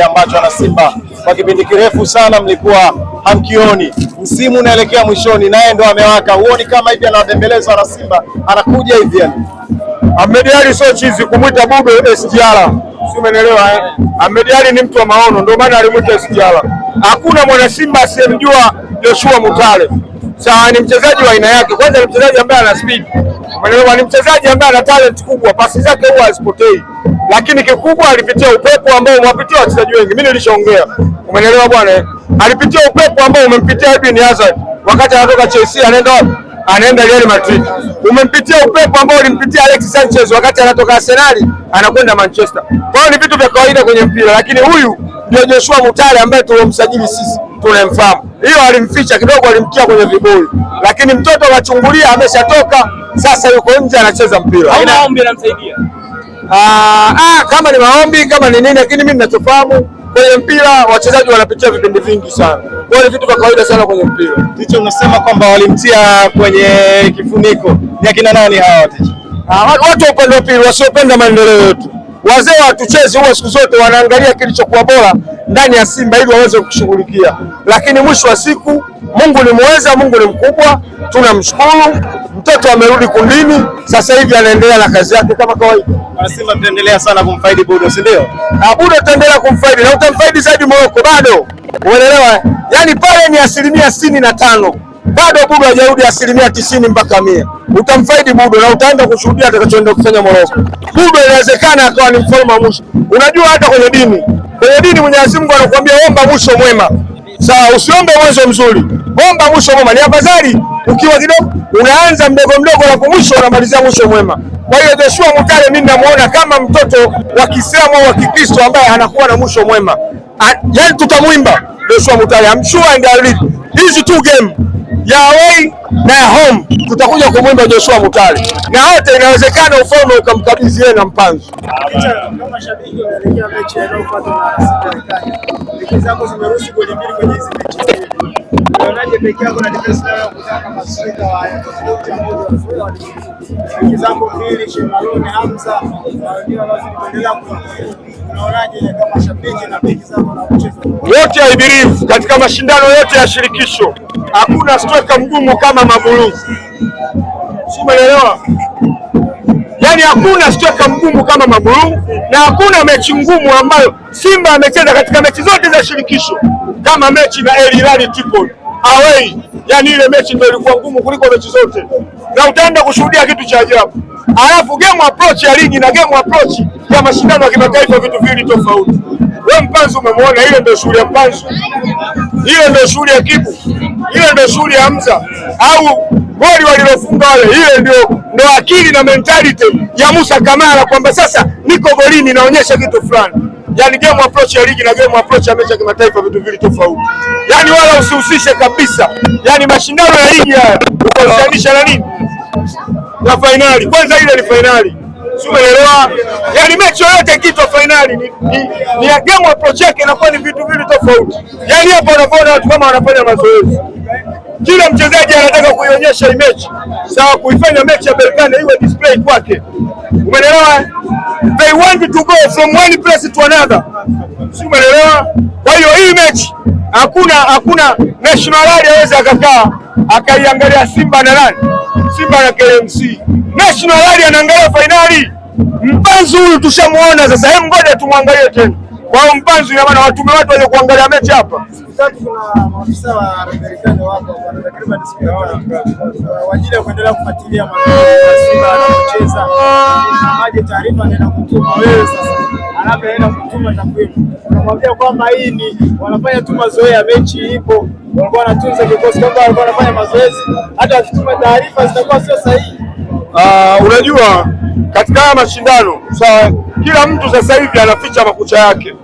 kile ambacho ana Simba kwa kipindi kirefu sana mlikuwa hamkioni. Msimu unaelekea mwishoni, naye ndo amewaka. Huoni kama hivi anawatembeleza na Simba anakuja hivi yani? Ahmed Ally sio chizi kumwita Bube SGR, si umeelewa eh? Ahmed Ally ni mtu wa maono, ndio maana alimwita SGR. Hakuna mwana Simba asiyemjua Joshua Mutale. Sawa, ni mchezaji wa aina yake. Kwanza ni mchezaji ambaye ana speed Umeelewa? Ni mchezaji ambaye ana talent kubwa, pasi zake huwa hazipotei, lakini kikubwa alipitia upepo ambao umewapitia wachezaji wengi. Mimi nilishaongea, umeelewa bwana? Alipitia upepo ambao umempitia Edwin Hazard wakati anatoka Chelsea anaenda anaenda Real Madrid. Umempitia upepo ambao ulimpitia Alex Sanchez wakati anatoka Arsenal anakwenda Manchester. Kwa hiyo ni vitu vya kawaida kwenye mpira, lakini huyu ndio Joshua Mutale ambaye tulomsajili sisi tunamfahamu. Hiyo alimficha kidogo, alimtia kwenye vibuli, lakini mtoto amesha ameshatoka sasa, yuko nje anacheza mpira. Haina ombi anamsaidia. Ah, ah, kama ni maombi kama ni nini, lakini mimi ninachofahamu kwenye mpira wachezaji wanapitia vipindi vingi sana, kwa vitu vya kawaida sana kwenye mpira. Ticho, unasema kwamba walimtia kwenye kifuniko, ni akina nani hawa ticho? Ah, watu wa upande wa pili wasiopenda maendeleo yetu, wazee watuchezi huwa siku zote wanaangalia kilichokuwa bora ndani ya Simba ili waweze kushughulikia, lakini mwisho wa siku Mungu ni muweza, Mungu ni mkubwa, tunamshukuru. Mtoto amerudi kundini, sasa hivi anaendelea na kazi yake kama kawaida. Simba mtaendelea sana kumfaidi Budo, si ndio? Ah, Budo tutaendelea kumfaidi na utamfaidi zaidi Moroko, bado uelewa, yani pale ni asilimia sitini na tano bado Budo hajarudi asilimia tisini mpaka mia. Utamfaidi Budo na utaenda kushuhudia atakachoenda kufanya Moroko. Budo inawezekana akawa ni mfalme wa mwisho. Unajua hata kwenye dini Kwenye dini Mwenyezi Mungu anakuambia omba mwisho mwema. Sawa, usiombe mwanzo mzuri, omba mwisho mwema. Ni afadhali ukiwa kidogo unaanza mdogo mdogo, na mwisho unamalizia mwisho mwema. Kwa hiyo Joshua Mutale mimi namuona kama mtoto wa Kiislamu au wa Kikristo ambaye anakuwa na mwisho mwema. Yaani tutamwimba Joshua Mutale, I'm sure and Hizi two game jawai na home tutakuja kumwimba Joshua Mutale, na hata inawezekana ufalme ukamkabidhi yeye na Mpanzu wote I believe katika mashindano yote ya shirikisho hakuna stoka mgumu kama Mabuluu, si umeelewa? Yaani hakuna stoka mgumu kama Mabuluu na hakuna mechi ngumu ambayo Simba amecheza katika mechi zote za shirikisho kama mechi na Al Hilal Tripoli away yani ile mechi ndio ilikuwa ngumu kuliko mechi zote, na utaenda kushuhudia kitu cha ajabu. Alafu game approach ya ligi na game approach ya mashindano ya kimataifa vitu viwili tofauti. We mpanzu umemwona, ile ndio shughuli ya mpanzu, ile ndio shughuli ya kibu, ile ndio shughuli ya mza au goli walilofunga wale, ile ndio ndio akili na mentality ya Musa Kamara kwamba sasa niko golini, naonyesha kitu fulani yani game approach ya ligi na game approach ya mechi ya kimataifa vitu vili tofauti, yani wala usihusishe kabisa, yani mashindano ya ligi haya ukahusianisha na nini na fainali. Kwanza ile ni fainali. Umeelewa? Yaani mechi yoyote kitwa fainali ni, ni, ni ya game approach yake inakuwa ni vitu vili tofauti. Yaani hapa unaona watu kama wanafanya mazoezi, kila mchezaji anataka kuionyesha hii mechi sawa, kuifanya mechi ya Berkane iwe display kwake. Umeelewa? They want to go from one place to another. Si umeelewa? Kwa hiyo hii mechi hakuna hakuna national aweze akakaa akaiangalia Simba na nani Simba na KMC National Rally anaangalia fainali. Mpanzu huyu tushamuona sasa, hebu ngoja tumwangalie tena. Kwa hiyo Mpanzu ina maana watume watu waje kuangalia mechi hapa. Unamwambia kwamba hii ni wanafanya tu mazoea ya mechi ipo, walikuwa wanatunza kikosi, walikuwa wanafanya mazoezi, hata wakituma taarifa zitakuwa sio sahihi. Uh, unajua katika haya mashindano sawa, kila mtu sasa hivi anaficha makucha yake,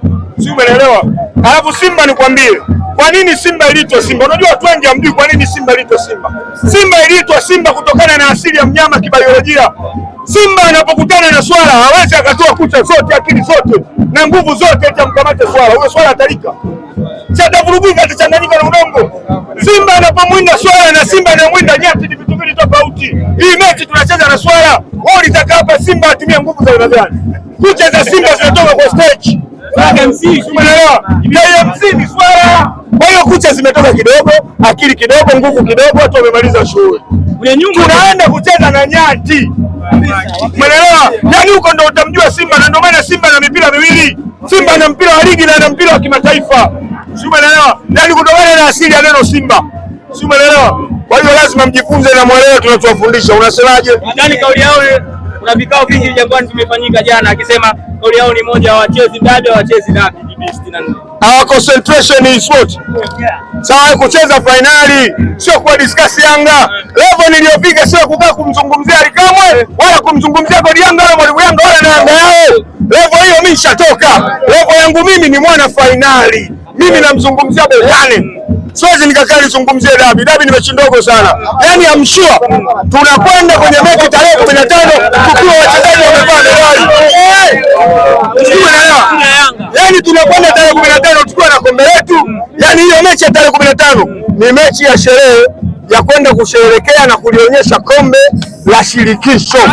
si umeelewa? Alafu Simba nikwambie, kwa nini Simba iliitwa Simba? Unajua watu wengi hamjui kwa nini Simba iliitwa Simba. Simba iliitwa Simba kutokana na asili ya mnyama kibiolojia. Simba anapokutana na swala hawezi akatoa kucha zote, akili zote na nguvu zote, eti amkamate swala. Huyo swala atalika, si atavurugika, atachanganyika na udongo. Simba anapomwinda swala na Simba anamwinda nyati ni vitu viwili tofauti. Hii mechi tunacheza na swala, wao litaka hapa Simba atumie nguvu za aina gani? Kucha za Simba zinatoka kwa stage. KMC ni swala. Kwa hiyo kucha zimetoka kidogo, akili kidogo, nguvu kidogo, watu wamemaliza shughuli. Tunaenda kucheza na nyati. Umeelewa? Nani huko ndo utamjua Simba, na ndio maana Simba na mipira miwili. Simba na mpira wa ligi na ana mpira wa kimataifa, si umeelewa? Yaani kutokana na asili ya neno Simba, si umeelewa? Kwa hiyo lazima mjifunze na mwelewe tunachowafundisha. Unasemaje? Nadhani kauli yao kuna vikao vingi Jangwani vimefanyika jana, akisema kauli yao ni moja, wa wachezi dabi, hawachezi na Our concentration is sport. Sawa, kucheza finali sio kwa discuss Yanga. Level niliyofika sio kukaa kumzungumzia wala kumzungumzia Godi Yanga wala mwalimu Yanga wala na Yanga yao. Levo hiyo mimi nishatoka. Levo yangu mimi ni mwana fainali, mimi namzungumzia burudani siwezi nikakaa nizungumzie dabi. Dabi ni mechi ndogo sana, yaani amshua tunakwenda kwenye mechi tarehe kumi na tano tukiwa wachezaji wamevaa medali, yaani tunakwenda tarehe kumi na tano tukiwa na kombe letu. Yaani hiyo mechi ya tarehe kumi na tano ni mechi ya sherehe ya kwenda kusherehekea na kulionyesha kombe la shirikisho. Eh?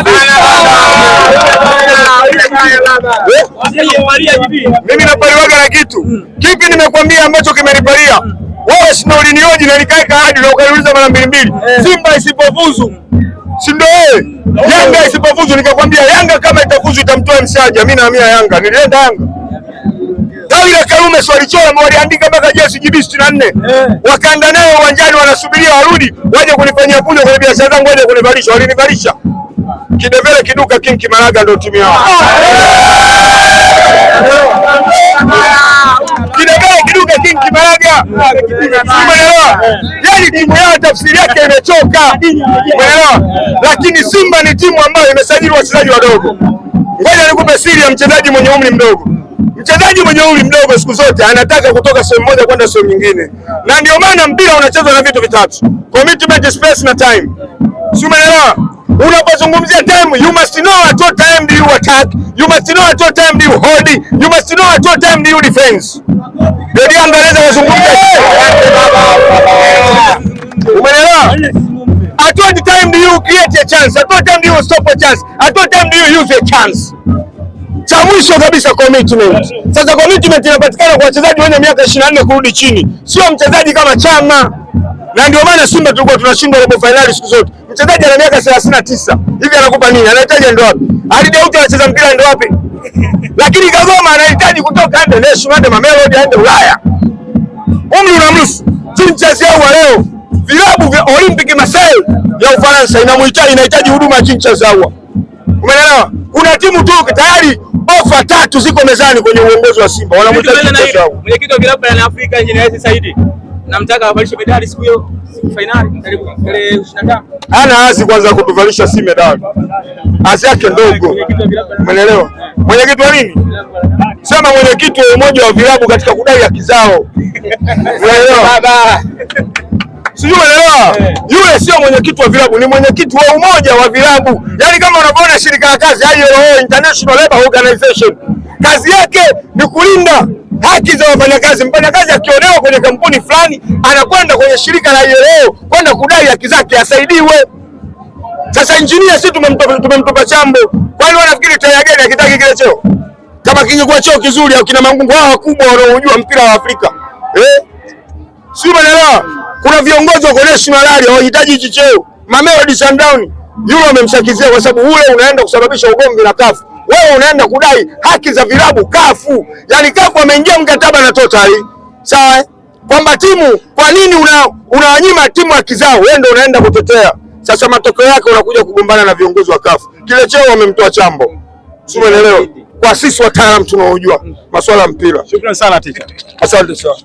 Mimi napaliwaga na kitu kipi? Nimekwambia ambacho kimenipalia wewe, sina ulinioji na nikaeka kaadi na ukaniuliza mara mbili mbili, eh. Simba isipofuzu si ndio wewe? Oh. Yanga isipofuzu, nikakwambia Yanga kama itafuzu itamtoa Msaja. Mimi naamia Yanga, nilienda Yanga Tawi la Karume swalichora waliandika mpaka jana CJB sitini na nne eh. wakaenda nayo uwanjani, wanasubiria warudi waje kunifanyia fujo kwenye biashara zangu, waje kunivalisha. Walinivalisha kidevele kiduka, King Kimaraga ndio timu yao. Ah. Eh. Ah kumtaja King Kibaraga, umeelewa? Yani timu yao tafsiri yake imechoka, umeelewa? Lakini Simba ni timu ambayo imesajili wachezaji wadogo. Ngoja nikupe siri ya mchezaji mwenye umri mdogo. Mchezaji mwenye umri mdogo siku zote anataka kutoka sehemu moja kwenda sehemu nyingine, na ndio maana mpira unachezwa na vitu vitatu: commitment, space na time, si umeelewa? Unapozungumzia time, you must know at what time do you attack, you must know at what time you must know at what time the defense. Ndio anaweza kuzungumza. Umeelewa? At what time do you create a chance? At what time do you stop a chance? At what time do you use a chance? Cha mwisho kabisa commitment. Sasa commitment inapatikana kwa wachezaji wenye miaka 24 kurudi chini, sio mchezaji kama Chama na ndio maana Simba tulikuwa tunashindwa robo finali siku zote. Mchezaji ana miaka 39 hivi anakupa nini? Anahitaji ndo wapi? Ali Daudi anacheza mpira ndo wapi? lakini Kagoma anahitaji kutoka ende national ende Mamelodi ende Ulaya. Umri unamruhusu. Timu chezea wa leo vilabu vya Olympic Marseille ya Ufaransa inamhitaji inahitaji huduma ya timu chezea. Umeelewa? Kuna timu tu tayari ofa tatu ziko mezani kwenye uongozi wa Simba. Wanamhitaji chezea. Mwenyekiti wa kilabu barani Afrika Injinia Saidi namtaka avalishe medali siku hiyo, siku fainali tarehe 25. Hana hazi kwanza kutuvalisha si medali, hazi yake ndogo, umeelewa? Mwenyekiti wa nini sema, mwenyekiti wa umoja wa vilabu katika kudai haki zao, unaelewa? Sijui unaelewa? Eh. Yule sio mwenyekiti wa vilabu, ni mwenyekiti wa umoja wa vilabu. Yaani kama unavyoona shirika la kazi ILO, International Labour Organization, kazi yake ni kulinda haki za wafanyakazi. Mfanyakazi akionewa kwenye kampuni fulani, anakwenda kwenye shirika la ILO kwenda kudai haki zake, asaidiwe. Sasa injinia sisi tumemtupa chambo, kwani wanafikiri tayari gani akitaki kile cheo? Kama kingekuwa cheo kizuri au kina mangungu hawa wakubwa wanaojua mpira wa Afrika eh, si umeelewa? Kuna viongozi wako national rally hawahitaji hichi cheo. Mamelodi Sundowns yule amemshakizia kwa sababu ule unaenda kusababisha ugomvi na kafu wewe unaenda kudai haki za vilabu kafu. Yani kafu ameingia mkataba na Total, sawa eh? kwamba timu, kwa nini unawanyima una timu haki zao? Wewe ndio unaenda kutetea. Sasa matokeo yake unakuja kugombana na viongozi wa kafu. Kile cheo wamemtoa chambo, sielewa kwa sisi wataalamu tunaojua masuala ya mpira. Shukrani sana teacher. Asante sana.